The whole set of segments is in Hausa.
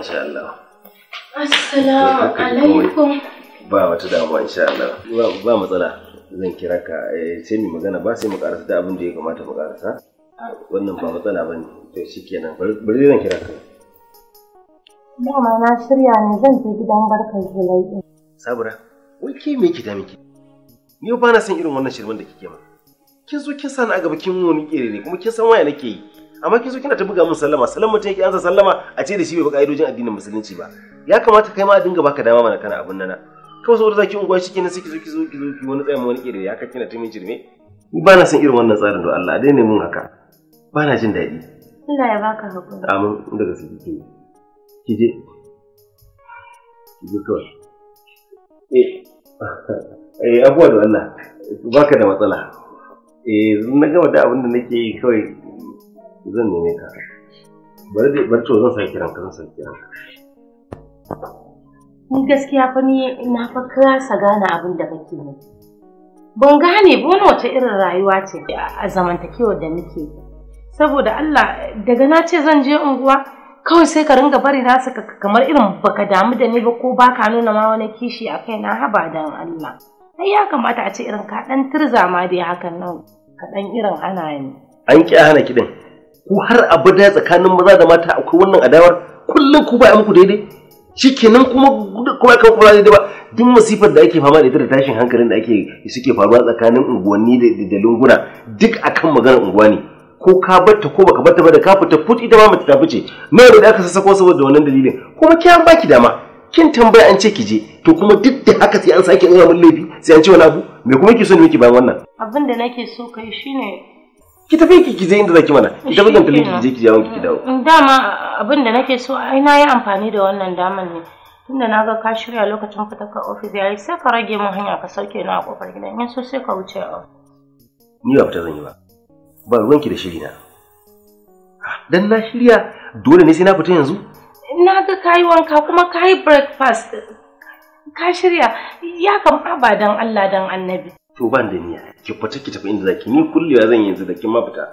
insha Allah assalamu alaikum ba wata damuwa insha Allah ba matsala zan kira ka eh, sai mu magana ba sai mu karasa da abin da ya kamata mu karasa wannan ba matsala bane to shikenan bari zan kira ka dama na shirya ne zan je gidan barkar zulai sabura wai ke me ki da miki ni ba na san irin wannan shirman da kike ma kin zo kin sani a gaba kin wani kere ne kuma kin san waye nake yi amma kin so kina ta buga mun sallama sallama ta yake ansa sallama a ce da shi bai bi ka'idojin addinin musulunci ba ya kamata kai ma a dinga baka dama mana kana abun nana kawai saboda zaki unguwa shi kenan sai ki zo ki zo ki wani tsayin wani kire ya ka kina ta min jirme ni ba na son irin wannan tsarin don Allah a daina mun haka ba na jin daɗi Allah ya baka hakuri amin inda ka kike ki je ki je kawai eh eh abuwa da Allah baka da matsala eh na gama da abin da nake yi kawai zan neme ka bari dai to zan sake kiran ka zan sake kiran ka ni gaskiya fa ni na fa kasa gane abin da kake ne ban gane ba wani wace irin rayuwa ce a zamantakewar da muke saboda Allah daga na ce zan je unguwa kawai sai ka ringa bari na saka kamar irin baka damu da ni ba ko baka nuna ma wani kishi a kai na haba dan Allah ai ya kamata a ce irin ka dan turza ma dai hakan nan ka dan irin ana ni an ki hana kidin ku har abada tsakanin maza da mata akwai wannan adawar kullum ku ba a muku daidai shikenan kuma kuma kan kuma daidai ba duk masifar da ake fama da ita da tashin hankalin da ake suke faruwa tsakanin unguwanni da lunguna duk akan maganar unguwa ne ko ka batta ko baka batta ba da ka fita fut ita ma mace ta fice mai da aka sassako saboda wannan dalilin kuma an baki dama kin tambaya an ce ki je to kuma duk da haka sai an sake nuna min laifi sai an ce wani abu me kuma ke so ne miki bayan wannan abin da nake so kai shine ki tafi ki ki je inda zaki mana ki tafi kan taliki ki je ki jawo ki dawo mm, mm, dama uh, abin da nake so ai na yi amfani da wannan daman ne tunda na ga ka shirya lokacin fita ka ofis yayi sai ka rage mun hanya ka sauke ni a kofar gidan in so sai ka wuce a ni ba fita zan yi ba ba ruwanki da shiri na dan na shirya dole ne sai na fita yanzu na ga kayi wanka kuma yi breakfast ka shirya ya kam ba dan Allah dan annabi to ban da niyya ki fita ki tafi inda zaki ni kullewa zan yanzu da kin ma fita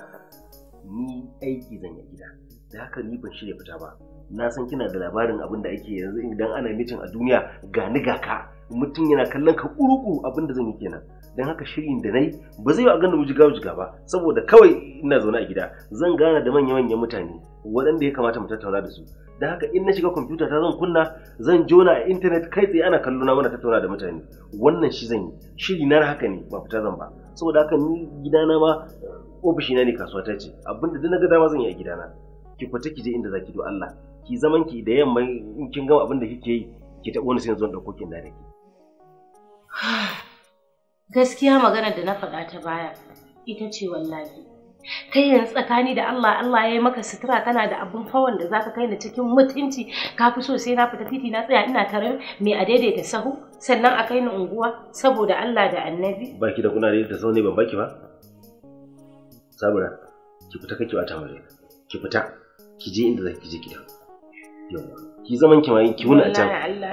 ni aiki zan yi gida da haka ni ban shirya fita ba na san kina da labarin abin da ake yanzu idan ana mitin a duniya ga ni ga ka mutum yana kallon ka kuru abin da zan yi kenan dan haka shirin da nayi ba zai yi a ganin wujiga wujiga ba saboda kawai ina zaune a gida zan gana da manya-manyan mutane waɗanda ya kamata mu tattauna da su da haka in na shiga kwamfuta ta zan kunna zan jona a intanet kai tsaye ana kallo na mana tattauna da mutane wannan shi zan yi shiri na haka ne ba fita zan ba saboda haka ni gidana ma eh, ofishina ne kasuwa ta ce abinda duk na ga dama zan yi a gidana ki kwata ki je inda zaki do Allah ki zaman ki da yamma in kin gama abinda da kike yi ki taɓa wani sai zan da kin da ki gaskiya maganar da na faɗa ta baya ita ce wallahi kai yanzu tsakani da Allah Allah ya yi maka sutura kana da abun fawon da zaka kai ni cikin mutunci ka fi so sai na fita titi na tsaya ina tare mai a daidaita sahu sannan a kai ni unguwa saboda Allah da Annabi baki da kuna da sahu ne ban baki ba sabura ki fita kake wata mare ki fita ki je inda zaki je ki dawo yawa ki zaman ki mai ki wuni a can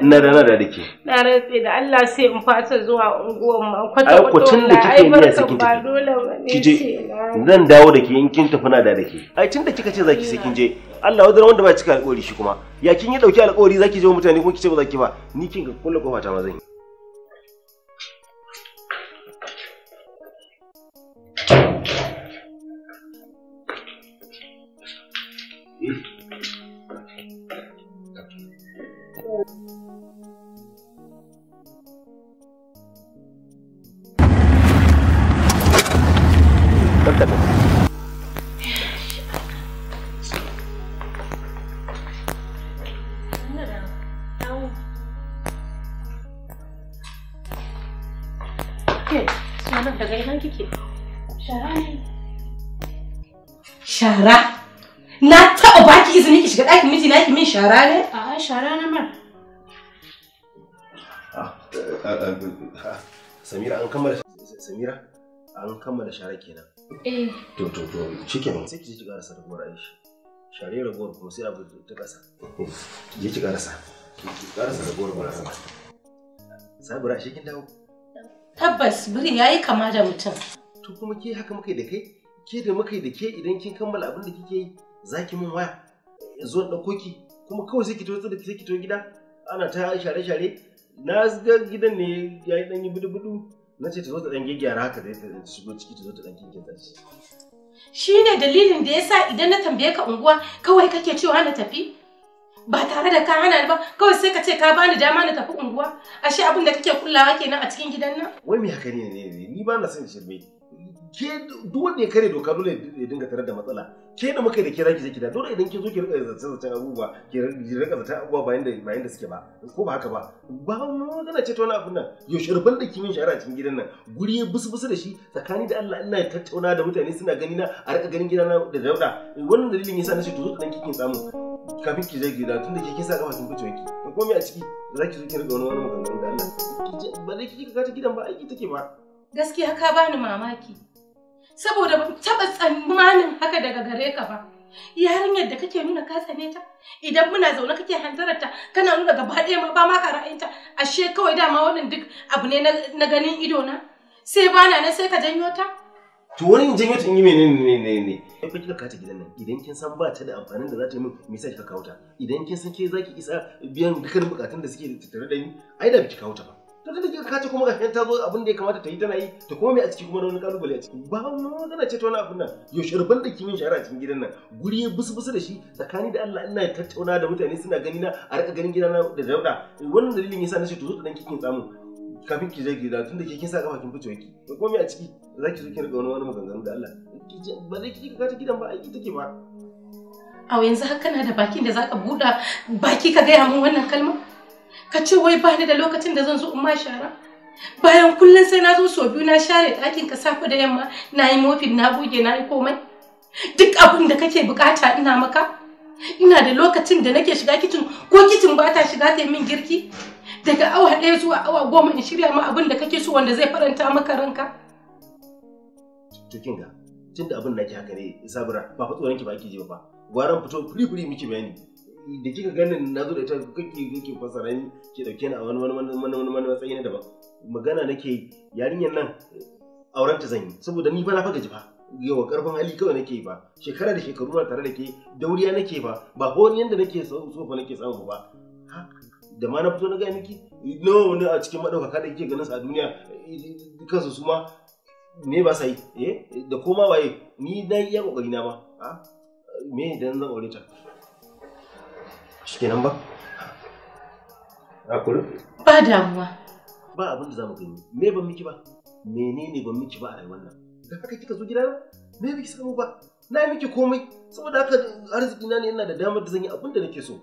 na da nada da ke na rantse da Allah sai in fasa zuwa unguwan ma kwata kwata ai da kike a sakin ta ki je zan dawo da ke in kin tafi na da da ke ai tunda kika ce zaki sai kin je Allah wadara wanda ba cika alƙawari shi kuma ya kin yi dauki alƙawari zaki je mutane kuma kice ba zaki ba ni kin ga kullu kofa ta ma zan yi shara ne? A'a shara na mar. Ah, eh, eh, eh, Samira an kammala Samira an kammala shara kenan. Eh. To to to shikenan sai ki je ki karasa ragowar Aisha. Share ragowar kuma sai abu ta kasa. Je ki karasa. Ki karasa ragowar barasa. Sabira shi kin dawo. Tabbas biri yayi kama da mutum. To kuma ke haka muka da kai? Ke da muka da ke idan kin kammala abin da kike yi za ki min waya. Zo da koki. kuma kawai sai ki da sai ki to gida ana ta share share na ga gidan ne ya yi dan yi budu budu na ce ta zo ta dan gyara haka da ta shigo ciki ta zo ta dan da shi shine dalilin da yasa idan na tambaye ka unguwa kawai kake cewa na tafi ba tare da ka hana ni ba kawai sai ka ce ka bani dama na tafi unguwa ashe abin da kake kullawa kenan a cikin gidan nan wai me haka ne ne ni ba na son shirme ke duk wanda ya kare doka dole ya dinga tare da matsala ke da muka da kira ki zaki da dole idan ki zo ki rika zace zace abubuwa ki rika zace abubuwa bayan da bayan da suke ba ko ba haka ba ba mu magana ce tona wani abun nan yo sharban da kimin shara cikin gidan nan guri ya busu busu da shi tsakani da Allah ina tattauna da mutane suna gani na a rika ganin gidana da dauda wannan dalilin yasa nace to zo dan kikin samu kafin ki je gida tunda ke kisa kafa kin fito ki ko komai a ciki za ki zo ki rika wani wani maganganu da Allah ba dai kika ka ta gidan ba aiki take ba gaskiya ka bani mamaki saboda ban tsammanin haka daga gare ka ba. Yarinyar da kake nuna ka tsane ta, idan muna zaune kake hanzarar ta, kana nuna gaba ɗaya ma ba ma ka ra'ayinta, ashe kawai dama wannan duk abu ne na ganin ido na. Sai bana na sai ka janyo ta. To wani janyo ta in yi menene ne ne ne. Ai kun kika kata gidan nan, idan kin san ba ta da amfanin da za ta yi min, me yasa kika kawo ta? Idan kin san ke zaki isa biyan dukkan bukatun da suke tattare da ni, ai da biki kawo ta ba. to tunda kika kace kuma gashin ta zo abin da ya kamata ta yi tana yi ta kuma me a ciki kuma wani kalubale a ciki ba mu magana ce ta wani abin nan yo ruban da kimin shara a cikin gidan nan guri ya busu da shi tsakani da Allah ina tattauna da mutane suna gani na a rika ganin gidana da dauda wannan dalilin yasa nace to zo dan kikin tsamu kafin ki je gida tunda kin sa kafa kin fice waki to kuma me a ciki zaki zo ki rika wani wani maganganu da Allah ba zai ka ta gidan ba aiki take ba a yanzu haka na da bakin da zaka buda baki ka gaya min wannan kalmar ka ce wai ba ni da lokacin da zan zo in ma shara bayan kullum sai na zo so biyu na share ɗakin ka safe da yamma na yi mofin na buge na yi komai duk abin da kake bukata ina maka ina da lokacin da nake shiga kicin ko kicin ba ta shiga ta yi min girki daga awa ɗaya zuwa awa goma in shirya ma abin da kake so wanda zai faranta maka ranka to kinga tunda abin nake haka ne sabira ba fa tsoron ki ba ki ji ba gwaran fito firi firi miki bayani da kika ganin na zo da ita kake kake fasara ni ke dauke ni a wani wani wani wani wani matsayi na daban magana nake yarinyar nan eh, auren ta zan yi saboda ni fa na faga jifa yawa karfin hali kawai nake ba shekara da shekaru na tare da ke dauriya nake ba ba hon yanda nake so fa nake samu ba da ma na fito na ga miki nawa wani a cikin madaukaka da kike ganin sa a duniya kansu su ma me ba sai eh da koma waye ni na yi iya kokari na ba me dan zan aure ta shikenan ba a kula ba damuwa ba abin da zamu gani me ban miki ba menene ban miki ba a rayuwar nan da haka kika zo gidana me biki samu ba na miki komai saboda haka arziki na ne yana da damar da zan yi abin da nake so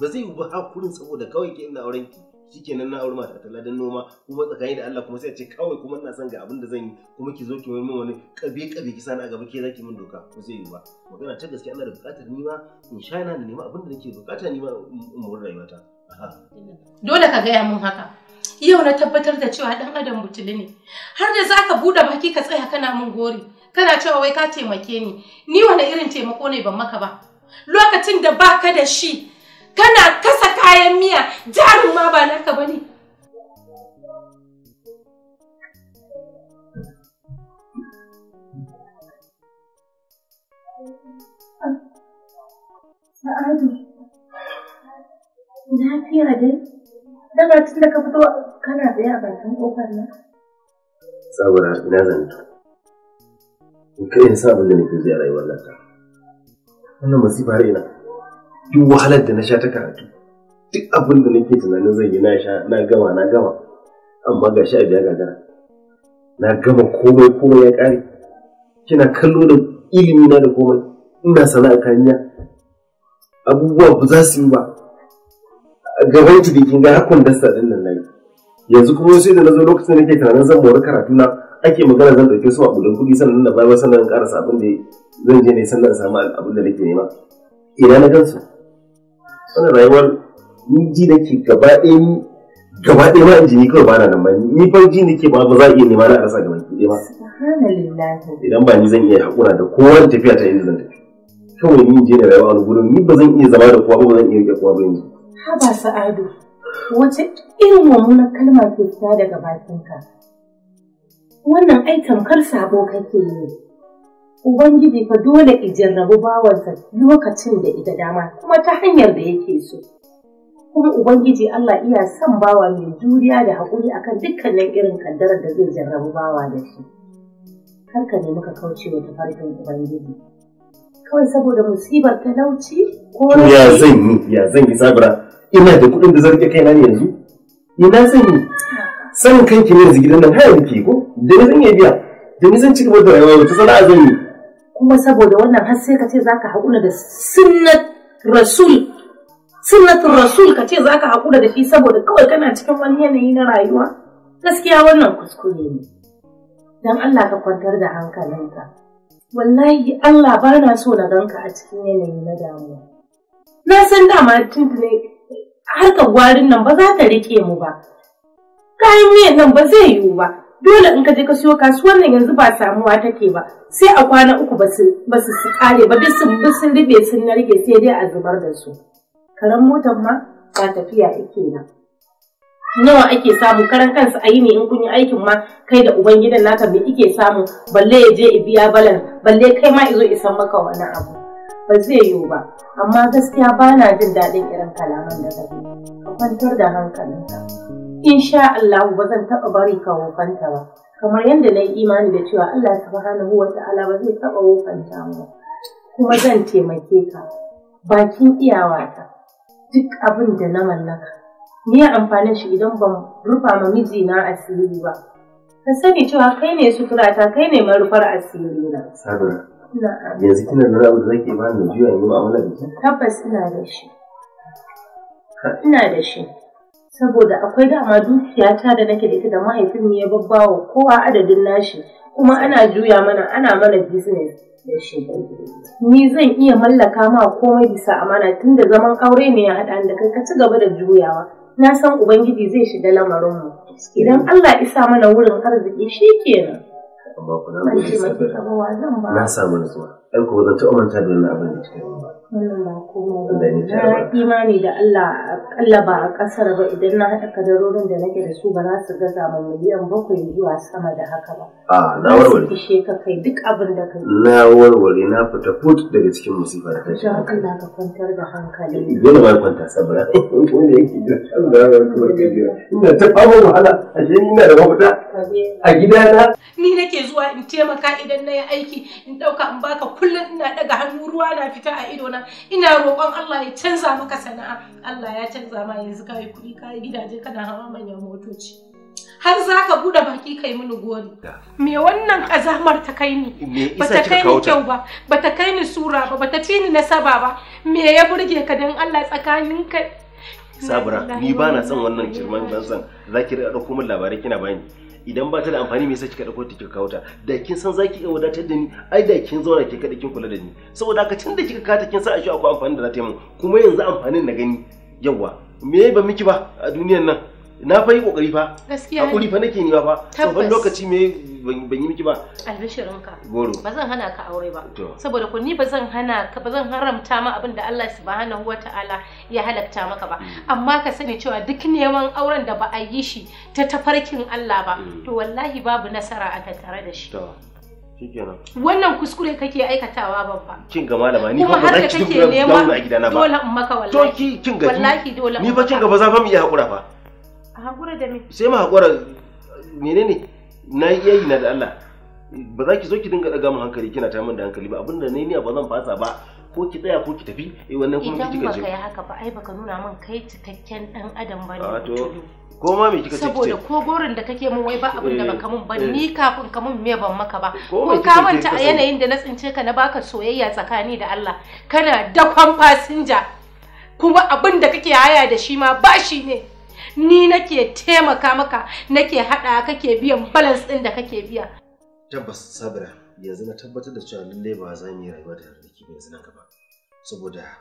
ba zai yi ba hakurin saboda kawai ke ina auren ki shikenan na auri mata ta ladan noma kuma tsakani da Allah kuma sai a ce kawai kuma ina son ga abin da zan yi kuma ki zo ki min wani kabe kabe ki sani a gaba ke zaki min doka ko zai yi ba magana ta gaskiya allah da bukatar ni ma in sha na nema abin da nake bukata ni ma in mori rayuwata dole ka gaya mun haka yau na tabbatar da cewa dan adam butuli ne har da zaka bude baki ka tsaya kana mun gori kana cewa wai ka taimake ni ni wani irin taimako ne ban maka ba lokacin da baka da shi kana kasa kayan miya jarin ma ba naka bane Sa'adu, fiya dai? Daga tun da ka fito kana tsaye a bakin ƙofar nan? Sabura, ina zan ta. kai in sa da nake ji a rayuwar nan. Wannan masifa har ina. duk wahalar da na sha ta karatu duk abin da nake tunanin zan yi na sha na gama na gama amma ga sha biya gagara na gama komai komai ya ƙare kina kallo da ilimi na da komai ina sana'a kanya abubuwa ba za su yi ba gaban ki ga hakun dasta din nan nayi yanzu kuma sai da nazo lokacin da nake tunanin zan mori karatu na ake magana zan dauke su a budin kudi sannan na bayar sannan in ƙarasa abin da zan je ne sannan samu abin da nake nema ina na gansu wannan rayuwar ni ji nake gaba ɗaya ni gaba ɗaya ma injini kawai ba na nan ba ni fa ji nake ba ba za a iya nema na a rasa gaba ɗaya ba idan ba ni zan iya haƙura da kowa tafiya ta inda zan tafi kawai ni je da rayuwa a gurin ni ba zan iya zama da kowa ba ba zan iya riƙe kowa ba yanzu ha ba sa'adu wace irin mummunan kalma ke fita daga bakinka wannan ai tamkar sabo kake yi Ubangiji fa dole jarrabu bawansa lokacin da ita dama kuma ta hanyar da yake so. Kuma Ubangiji Allah iya son bawa mai juriya da haƙuri akan dukkanin irin kaddarar da zai jarrabu bawa da shi. Kar ka nemi ka kauce wa tafarkin Ubangiji. Kawai saboda musibar talauci ko Ya zan yi, ya zan yi sabira. Ina da kuɗin da zan zarge kaina ne yanzu. Ina zan yi. Sanin kanki ne yanzu gidan nan haya nake ko? Da ni zan iya biya. Da ni zan ci gaba da rayuwa ta sana'a zan yi. kuma saboda wannan har sai ka ce zaka haƙura da sunnat rasul sunnat rasul ka ce zaka haƙura da shi saboda kawai kana cikin wani yanayi na rayuwa gaskiya wannan kuskure ne dan Allah ka kwantar da hankalinka wallahi Allah ba na so na ganka a cikin yanayi na damuwa na san dama tuntune harkar gwarin nan ba za ta rike mu ba kayan miyan nan ba zai yiwu ba dole in ka je ka siyo kasuwar nan yanzu ba samuwa take ba sai a kwana uku ba su ba su kare ba duk sun sun rube sun narke sai dai a zubar da su karan motar ma ba tafiya yake na nawa ake samu karan kansu a yi ne in kun yi aikin ma kai da ubangidan naka me ike samu balle ya je biya balan balle kai ma izo isan maka wani abu ba zai yiwu ba amma gaskiya ba na jin daɗin irin kalaman da kake ka kwantar da hankalinka sha Allah ba zan taɓa bari ka wofanta ba kamar yadda na yi imani da cewa Allah subhanahu wa ta'ala ba zai taɓa wofanta mu kuma zan taimake ka bakin iyawata duk abin da na mallaka ni amfanin shi idan ban rufa ma mijina asiri ba ka sani cewa kai ne suturata kai ne marufar asiri na yanzu kina da rabu da zake bani da juya yi mu'amala da ke tabbas ina da shi ina da shi saboda akwai dama dukiyata da nake da ita da mahaifin ne ya babbawa kowa adadin nashi kuma ana juya mana ana mana business da shi ni zan iya mallaka ma komai bisa amana tunda zaman aure ne ya haɗa da kai ka ci gaba da juyawa na san ubangiji zai shiga lamarinmu idan Allah isa mana wurin arziki shi kenan kan ba ku na gode na samu nutsuwa ai ko zan taɓa manta da wannan abin da kika ba wannan ba komai ba na imani da Allah akalla ba a ƙasar ba idan na haɗa kadarorin da nake da su ba za su gaza ma miliyan bakwai zuwa sama da haka ba a na warware ishe ka kai duk abin da kai na warware na fita fut daga cikin musifa da tashi don Allah ka kwantar da hankali dole ba kwanta sabra wanda yake jira Allah ya kuma jira ina ta fama wahala ashe ina da mafita a gidana ni nake zuwa in taimaka idan na yi aiki in ɗauka in baka kullum ina ɗaga hannu ruwa na fita a idona ina roƙon Allah ya canza maka sana'a Allah ya canza ma yanzu kayi kuɗi kayi gidaje kana hawa manyan motoci har za ka buɗe baki kai mini gori me wannan azamar ta kai ni ba ta kai ni kyau ba ba ta kai ni sura ba ba ta ci ni nasaba ba me ya burge ka don Allah tsakanin kai. sabura ni ba na son wannan kirman banzan za ki riƙa ɗauko min labarai kina bani idan ba ta da amfani mai yasa kika dauko ta kika ta da kin san zaki iya wadatar da ni ai da kin zauna ke kada kin kula da ni saboda haka tun da kika kata kin san ashe akwai amfani da za ta yi mun kuma yanzu amfanin na gani yawa me ba miki ba a duniyar nan na fa yi kokari fa gaskiya hakuri fa nake nima fa tsofan lokaci me ban yi miki ba albishirin ka goro ba zan hana ka aure ba saboda ko ni ba zan hana ka ba zan haramta ma abin da Allah subhanahu wataala ya halakta maka ba mm. amma ka sani cewa duk neman auren da ba a yi shi ta tafarkin Allah ba mm. to wallahi babu nasara a tattare da shi wannan kuskure kake aikatawa babba kin ga malama ni ba zan ci duk da a gidana ba dole in maka wallahi to ki kin ga ni ba kin ga ba za fa mu iya hakura fa hakura da me sai mu hakura menene na yi na da Allah ba za ki zo ki dinga daga mun hankali kina ta min da hankali ba abinda ne ni ba zan fasa ba ko ki tsaya ko ki tafi eh wannan kuma kike ji idan baka yi haka ba ai baka nuna min kai cikakken dan adam bane a ah, to ko ma me kika ce saboda ko gorin da kake mun wai ba abin da baka mun ba eh, eh. ni kafin ka mun me ban maka ba ko ka manta a yanayin da na tsince ka na baka soyayya tsakani da Allah kana dakon fasinja kuma abin da kake haya da shi ma bashi ne ni nake taimaka maka nake haɗa kake biyan balance ɗin da kake biya. Tabbas Sabira yanzu na tabbatar da cewa lallai ba za mu yi rayuwa da ba yanzu nan gaba. Saboda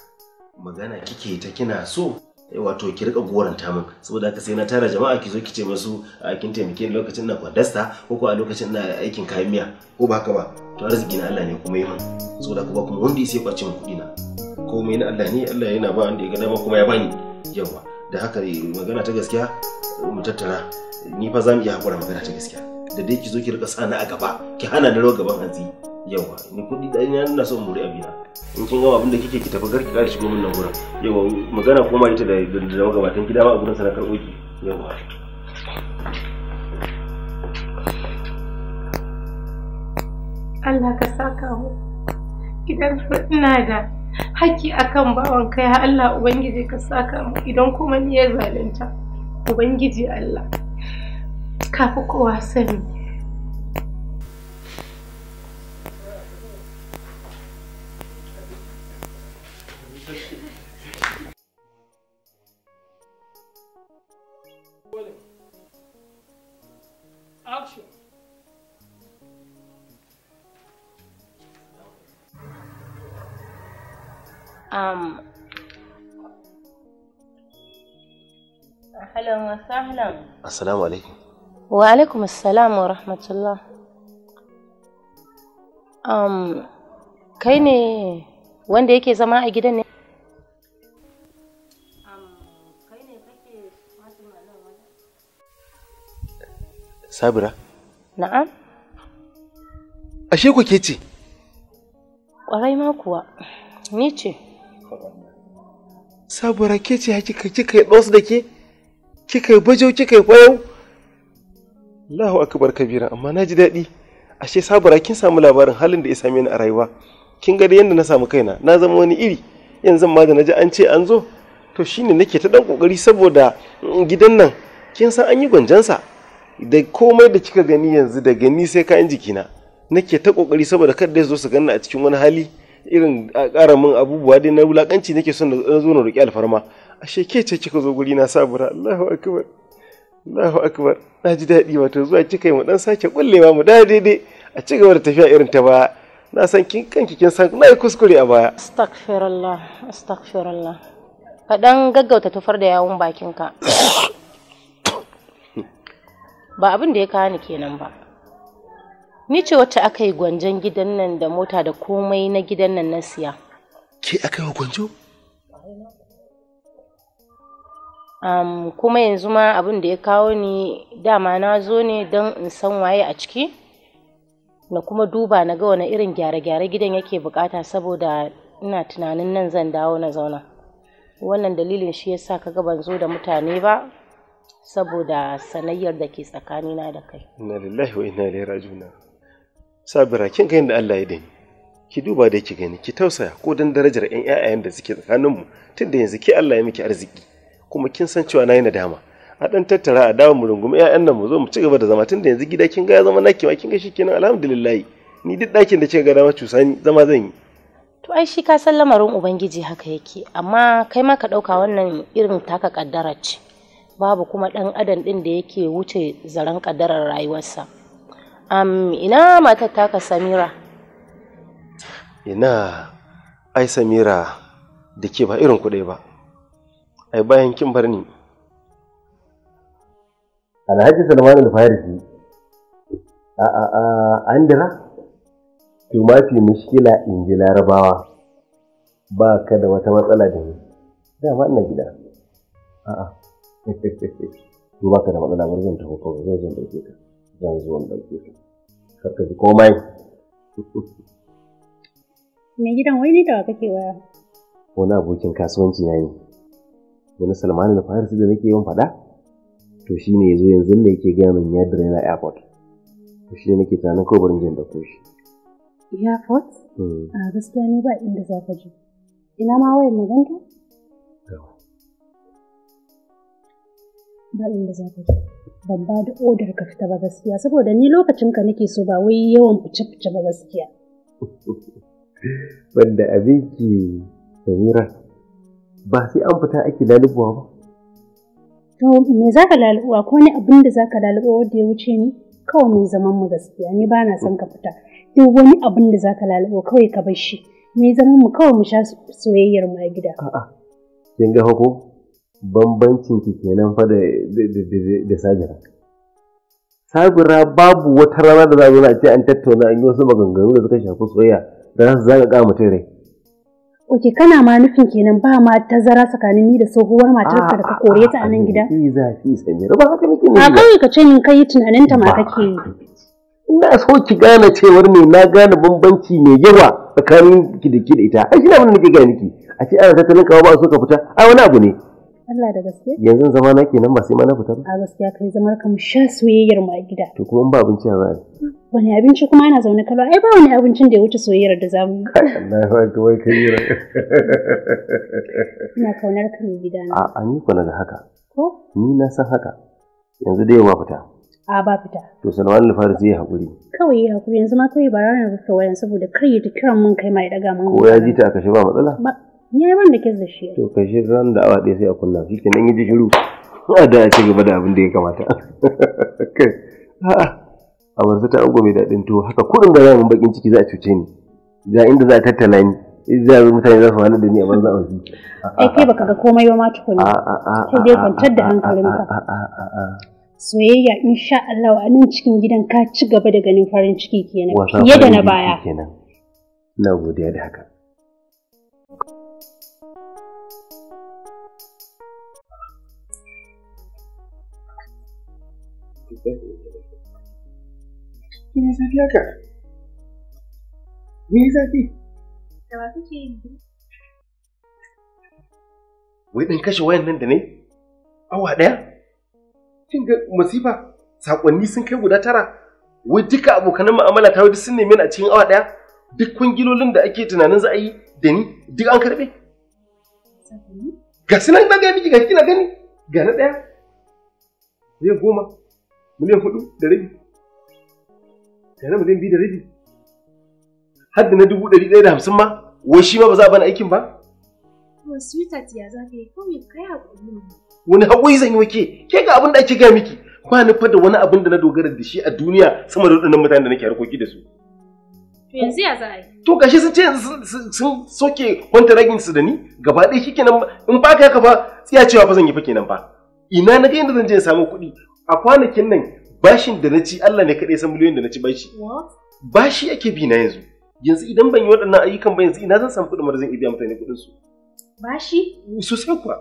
magana kike ta kina so eh, wato ki rika goranta min saboda haka sai na tara jama'a ki zo ki ce musu a ah, kin taimake ni lokacin na kwadasta ko ko a lokacin na aikin kayan miya ko ba haka ba to arziki na Allah ne kuma yi min saboda kuma kuma wanda sai kwacin kuɗi na komai na Allah ne Allah yana ba wanda ya ga dama kuma ya bani yawa da haka magana ta gaskiya mu tattara ni fa za mu iya hakura magana ta gaskiya da dai ki zo ki rika sani a gaba ki hana da rawar gaban hanzi yawa ni kuɗi da ina ina son muri abina in kin gama abin da kike ki tafi garki kare shigo min nan gurin yawa magana kuma ita da da magabatan ki dama a gurin sana karɓo ki yawa Allah ka saka mu idan ina da haƙƙi akan bawan kai ya Allah Ubangiji ka saka mu idan kuma ni ya zalunta Ubangiji Allah kafi kowa sani Assalamu alaikum. Wa alaikum assalam wa rahmatullah. Um, kai ne wanda yake zama a gidan ne? Um, Sabira? Na'am. Ashe ku ke ce? Ƙwarai ma kuwa, ni ce. Sabira ke ce haƙiƙa kika yi ɗos da ke? kika yi bajau kika yi bayau Allahu akbar kabira amma na ji daɗi ashe sabura kin samu labarin halin da ya same ni a rayuwa kin ga da yadda na samu kaina na zama wani iri yanzu ma da naji an ce an zo to shine nake ta dan kokari saboda mm, gidan nan kin san an yi sa da komai da kika gani yanzu daga ni sai kayan na nake ta kokari saboda kada zo su ganna a cikin wani hali irin ƙara min abubuwa dai na wulakanci nake son na zo na roƙi alfarma ashe ke ce kika zo guri na sabura Allahu akbar Allahu akbar na ji daɗi wato zuwa kika yi mu dan sake kullewa mu daidai a ci gaba da tafiya irin ta baya na san kin kanki kin san na yi kuskure a baya astaghfirullah astaghfirullah ka dan gaggauta tufar da yawun bakinka ba abin da ya kawo ni kenan ba ni ce wacce aka yi gwanjon gidan nan da mota da komai na gidan nan na siya ke aka yi gwanjo um, kuma yanzu ma abin da ya kawo ni dama na zo ne don in san waye a ciki na kuma duba na ga wani irin gyare-gyare gidan yake bukata saboda ina tunanin nan zan dawo na zauna wannan dalilin shi yasa kaga ban zo da mutane ba saboda sanayyar da ke tsakanina da kai na lillahi wa ina ilaihi raji'un sabira kin ga yadda Allah ya dani ki duba da ki gani ki tausaya ko dan darajar 'yan 'ya'yan da suke tsakaninmu tunda yanzu ke Allah ya miki arziki kuma kin san cewa na yi nadama a ɗan tattara a dawo mu rungumi ƴaƴan nan mu zo mu ci gaba da zama tunda yanzu gida kin ga ya zama naki ma kin ga kenan alhamdulillah ni duk ɗakin da kika ga dama cusa ni zama zan yi to ai shi ka san lamarin ubangiji haka yake amma kai ma ka ɗauka wannan irin taka kaddara ce babu kuma ɗan adam ɗin da yake wuce zaren kaddarar rayuwarsa um, ina matar taka samira ina ai samira da ke ba irin kuɗai ba ai bayan kin bar ni alhaji salman al-farisi a a a andira to mafi mushkila in ji larabawa ba ka da wata matsala da ni dama ina gida a a to ba ka da matsala zan tafi ko zan zan dauke ka zan zo in dauke ka kar ka ji komai me gidan wai ne da kake waya wani abokin kasuwanci na yi wani salmani da farisi da nake yawan faɗa to shi ne zo yanzu da yake gaya min ya dira na airport to shi ne nake tunanin kawai barin jin da koshi airport mm. a gaskiya ne ba inda za ka je ina ma wayar na ganta ba inda za ka je ban ba da odar ka fita ba gaskiya saboda ni lokacin ka nake so ba wai yawan fice fice ba gaskiya banda abinki samira ba sai an fita ake lalubuwa ba to me ka lalubuwa ko ne abin da za ka lalubuwa wanda ya wuce ni kawai mai zaman mu gaskiya ni ba na son ka fita duk wani abin da za ka lalubuwa kawai ka bar shi Me zaman mu kawai mu sha soyayyar mu a gida a'a kin ga hako bambancin ki kenan fa da da sajira sabira babu wata rana da za a ce an tattauna an yi wasu maganganu da suka shafi soyayya da za su zaga mutum rai Oke kana ma nufin kenan ba ma tazara tsakanin ni da tsohuwar matarsa da ka kore ta a nan gida? Ni zafi Samira ba haka nake ne. A kai ka ce min kai tunanin ta ma kake yi. Ina so ki gane cewar me na gane bambanci mai yawa tsakanin ki da ita. Ai shi ne nake gane ki. A ce ana tattalin kawo ba so ka fita. Ai wani abu ne. Allah da gaske yanzu zama na kenan ba sai ma na fita ba a gaskiya kai zamar ka sha soyayyar mu a gida to kuma in ba abinci a zai wani abinci kuma ana zaune kalwa ai ba wani abincin da ya wuce soyayyar da zamu yi Allah ya ka wai kai yira ina kaunar ka ne gida na a ni ko da ga haka ko ni na san haka yanzu dai ba fita a ba fita. To Salman Lufar zai haƙuri. Kawai ya haƙuri yanzu ma kai ba ranar rufe wayan saboda kar yi ta kiran mun kai ma ya ɗaga mun. Ko ya ji ta a kashe ba matsala? Ba ya yi ban da kes da shi to ka shi ran da awa ɗaya sai a kunna shi kenan yi ji shiru a da a ci gaba da abin da ya kamata a wanzu ta ango mai daɗin to haka kurin da zamu bakin ciki za a cuce ni ga inda za a tattala ni za a mutane za su hana da ni a banza a wasu ai kai baka ga komai ba ma tukuni sai dai kwantar da hankalinka soyayya insha Allah a nan cikin gidan ka ci gaba da ganin farin ciki kenan fiye da na baya na godiya da haka Ki me zafi haka? Me zafi? Da ba kake yi? Wai in kashe wayan nan da ne? Awa ɗaya? Kin ga masifa? Saƙonni sun kai guda tara? Wai duka abokanan mu'amala ta sun neme ni a cikin awa ɗaya? Duk kwangilolin da ake tunanin za a yi da ni duk an karɓe? Ga sunan na gani ga kina gani ga na ɗaya. Zai goma. miliyan hudu da rabi tare miliyan biyu da rabi har da na dubu ɗari ɗaya da hamsin ma wai shi ma ba za a bani aikin ba sweetheart ya za ka yi kawai kai haƙuri ne wani haƙuri zan yi wake ke ga abin da ake gaya miki ba ni fa da wani abin da na dogara da shi a duniya sama da waɗannan mutanen da nake harkoki da su To yanzu ya za a yi? To gashi sun ce sun soke kwantaragin su da ni gaba ɗaya shi kenan in ba ka haka ba tsiya cewa fa zan yi fa kenan ba. Ina na ga yadda zan je in samu kuɗi a kwanakin nan bashin da na ci Allah ne kaɗai san miliyoyin da na ci bashi. Bashi ake bi na yanzu. Yanzu idan ban yi waɗannan ayyukan ba yanzu ina zan samu kuɗin marzin ibiya mutane kuɗin su. Bashi? Sosai kuwa.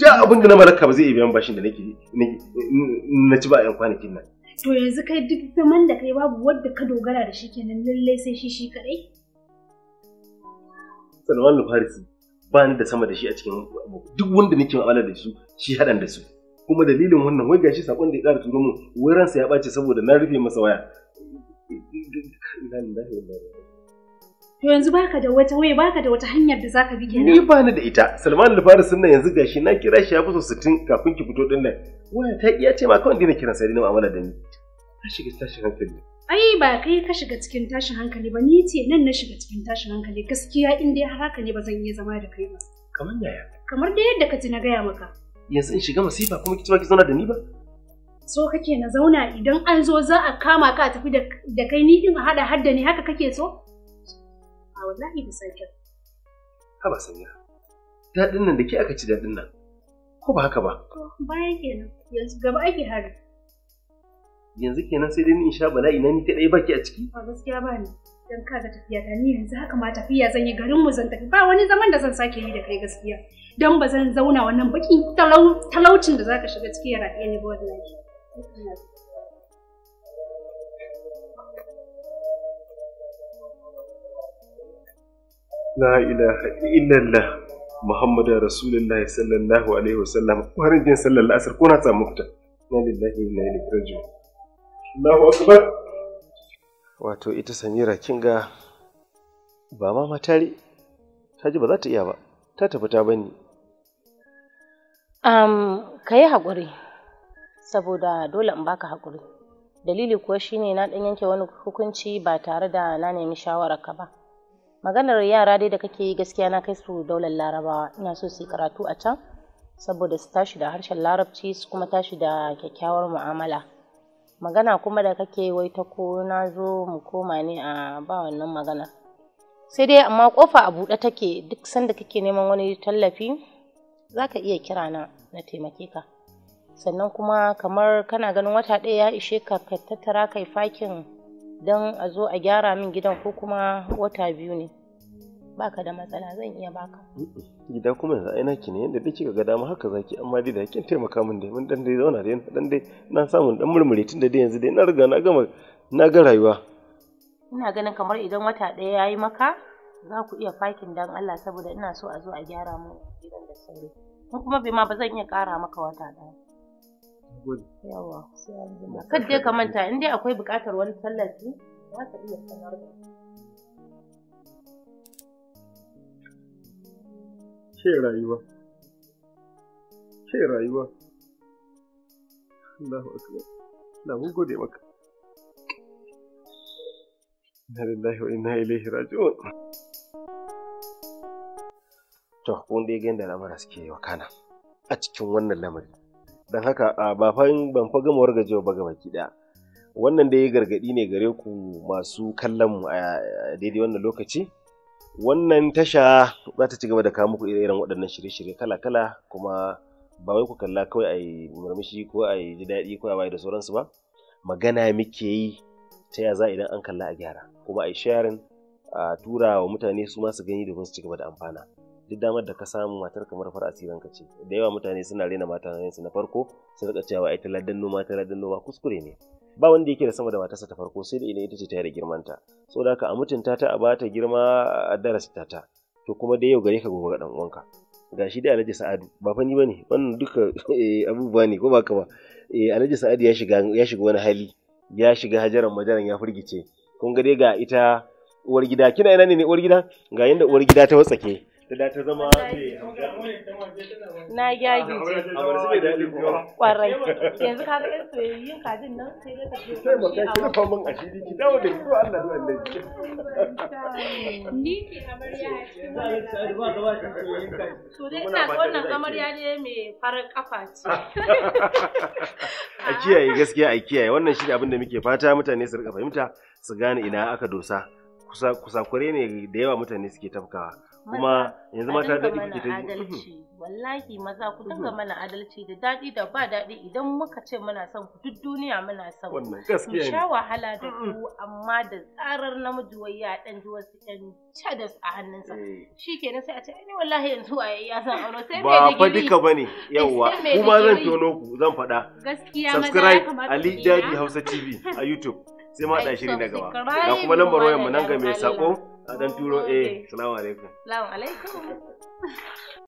Da abin da na malaka ba zai iya biyan bashin da nake na ci ba a 'yan kwanakin nan. To yanzu kai duk zaman da kai babu wadda ka dogara da shi kenan lallai sai shi shi kaɗai? Salman Farisi ba ni da sama da shi a cikin duk wanda nake mu'amala da su shi haɗan da su. kuma dalilin wannan wai gashi sakon da ya ƙara turo mun wai ransa ya ɓace saboda na rufe masa waya To yanzu baka da wata waya baka da wata hanyar da zaka bi kenan. Ni ba ni da ita. Salman Al-Faris yanzu gashi na kira shi ya fi so 60 kafin ki fito din nan. Waya ta iya ce ma kawai dina kiran sai dina mu'amala da ni. Ka shiga tashin hankali. Ai ba kai ka shiga cikin tashin hankali ba ni ce nan na shiga cikin tashin hankali gaskiya in dai haka ne ba zan iya zama da kai ba. Kamar yaya? Kamar da yadda ka ji na gaya maka. yanzu in shiga masifa kuma kici ba ki zauna da ni ba so kake na zauna idan an zo za a kama ka a tafi da kai ni in hada hadda ne haka kake so a wallahi da sarkin ha ba sanya daɗin nan da ke aka ci daɗin nan ko ba haka ba bayan kenan yanzu gaba ake hari yanzu kenan sai dai ni in sha bala'i na ni kaɗai baki a ciki ba gaskiya ba ne don ga tafiya ta ni yanzu haka ma tafiya zan yi garin mu zan tafi ba wani zaman da zan sake yi da kai gaskiya don ba zan zauna wannan bakin talaucin da zaka shiga ciki ya raɗe ni ba wallahi la ilaha illallah muhammadu rasulullahi sallallahu alaihi wasallam kwarin jin sallar la'asar ko na samu fita na lillahi na ilaihi rajiun Allahu akbar wato ita samira kinga ba ma matari ta ji ba za ta iya ba ta tafi ta bani Am, ka yi haƙuri, saboda dole in baka haƙuri. Dalili kuwa shine na ɗan yanke wani hukunci ba tare da na nemi shawararka ba. Maganar yara dai da kake yi gaskiya na kai su daular Larabawa, ina so su yi karatu a can, saboda su tashi da harshen Larabci su kuma tashi da kyakkyawar mu'amala. Magana kuma da kake wai ta ko na zo mu koma ne a ba wannan magana. Sai dai amma kofa a buɗe take duk sanda kake neman wani tallafi za ka iya kira na na taimake ka sannan kuma kamar kana ganin wata ɗaya ya ishe ka ka tattara kai fakin don a zo a gyara min gidan ko kuma wata biyu ne baka da matsala zan iya baka gida kuma yanzu aina ki ne yadda dai kika ga dama haka zaki amma dai da kin taimaka min dai mun dan dai zauna dai dan dai na samu dan murmure tun da dai yanzu dai na riga na gama na ga rayuwa ina ganin kamar idan wata ɗaya yayi maka za ku iya fakin dan Allah saboda ina so a zo a gyara mu gidan da sauri in kuma bai ma ba zan iya ƙara maka wata ɗaya yawa sai an dai ka manta in dai akwai buƙatar wani tallafi za ka iya sanar da ce rayuwa ce rayuwa Allahu akbar na mun gode maka inna lillahi wa inna ilaihi raji'un to kun dai ga yadda lamura suke wakana a cikin wannan lamari don haka ba fan ban fa gama jiwa ba baki daya wannan dai gargadi ne gare ku masu kallon mu a daidai wannan lokaci wannan tasha za ta ci gaba da kawo muku irin waɗannan shirye-shirye kala-kala kuma ba wai ku kalla kawai a yi murmushi ko a yi ji daɗi ko a bayar da sauransu ba magana muke yi ta ya za idan an kalla a gyara kuma a yi sharing a tura wa mutane su ma su gani domin su ci gaba da amfana duk damar da ka samu matar kamar fara asirin ka ce da yawa mutane suna rena mata su na farko su rika cewa ai ladan noma ladan noma kuskure ne ba wanda yake da sama da matarsa ta farko sai da idan ita ce ta yada girmanta So haka a mutunta ta a bata girma a darasi ta ta, to kuma da yau gare ka gobe ga dan uwanka gashi dai Alhaji Sa'adu ba fa ni bane wannan duka eh, abubuwa ne ko ba ka ba eh, Alhaji Sa'adu ya shiga ya shiga wani hali ya shiga hajaran majaran ya furgice kun ga dai ga ita uwar gida kina ina ne uwar gida ga yanda uwar gida ta watsake da ta zama na kwarai yanzu ka ga yanzu yin kajin nan sai ka tafi sai mu kai ki dawo da Allah zuwa ni ke amarya to dai ina ga wannan amarya ne mai farar kafa ce a kiyaye gaskiya a kiyaye wannan shi abin da muke fata mutane su rika fahimta su gane ina aka dosa kusa kusakure ne da yawa mutane suke tafkawa kuma yanzu mata daɗi kuke ta yi wallahi maza ku dinga mhm. mana adalci da daɗi da ba daɗi idan muka ce muna son ku duk duniya muna son ku mu sha wahala da ku amma da tsarar namiji wai ya ɗan ji wasu ɗan cadas a hannunsa eh. shi kenan sai a ce ni wallahi yanzu a ya san aure sai ba fa duka bane yawwa kuma zan tono ku zan faɗa gaskiya subscribe Ali Jadi Hausa TV a YouTube sai ma da shiri na gaba ga kuma lambar wayar mu nan ga mai sako a dan turo oh, eh salamu alaikum salamu alaikum